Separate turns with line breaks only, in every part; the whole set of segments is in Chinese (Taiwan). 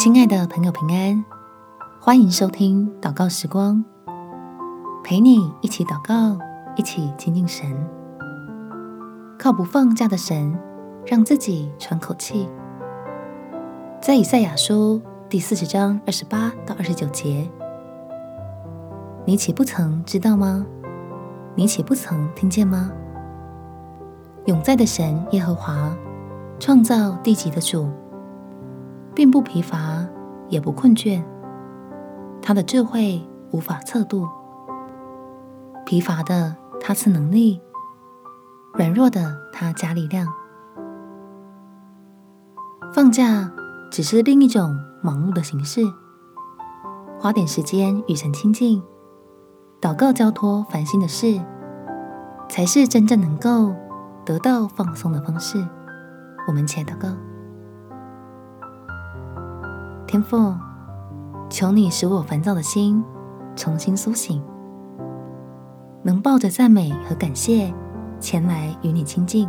親愛的朋友，平安！歡迎收聽禱告時光，陪你一起禱告，一起親近神，靠不放假的神，讓自己喘口氣。在以賽亞書第四十章二十八到二十九節，你豈不曾知道嗎？你豈不曾聽見嗎？永在的神耶和華，創造地極的主。並不疲乏，也不困倦。他的智慧無法測度。疲乏的，他賜能力；軟弱的，他加力量。放假只是另一種忙碌的形式。花點時間與神親近，禱告交託煩心的事，才是真正能夠得到放鬆的方式。我們一起來禱告。天父，求你使我煩躁的心重新甦醒，能抱着讚美和感謝前來與你親近，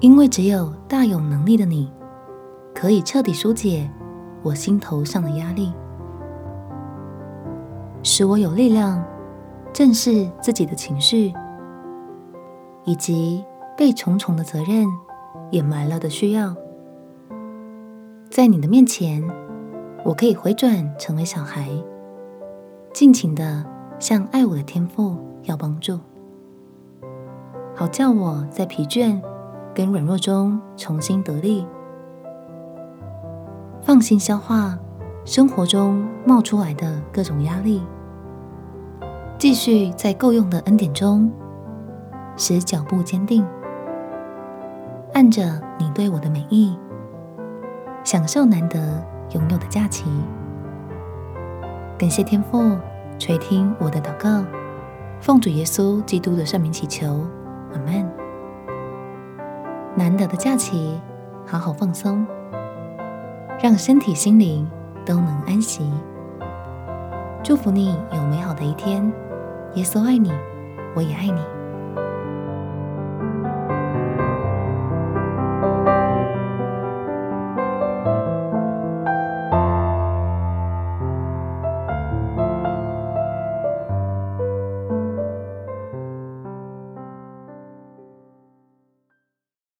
因為只有大有能力的你，可以徹底疏解我心頭上的壓力，使我有力量正視自己的情緒，以及被重重的責任掩埋了的需要。在你的面前，我可以回轉成為小孩，盡情地向愛我的天父要幫助，好叫我在疲倦跟軟弱中重新得力，放心消化生活中冒出來的各種壓力，繼續在夠用的恩典中使腳步堅定，按着你對我的美意。享受難得擁有的假期，感謝天父垂聽我的禱告，奉主耶穌基督的聖名祈求，阿門。難得的假期，好好放鬆，讓身體心靈都能安息。祝福你有美好的一天，耶穌愛你，我也愛你。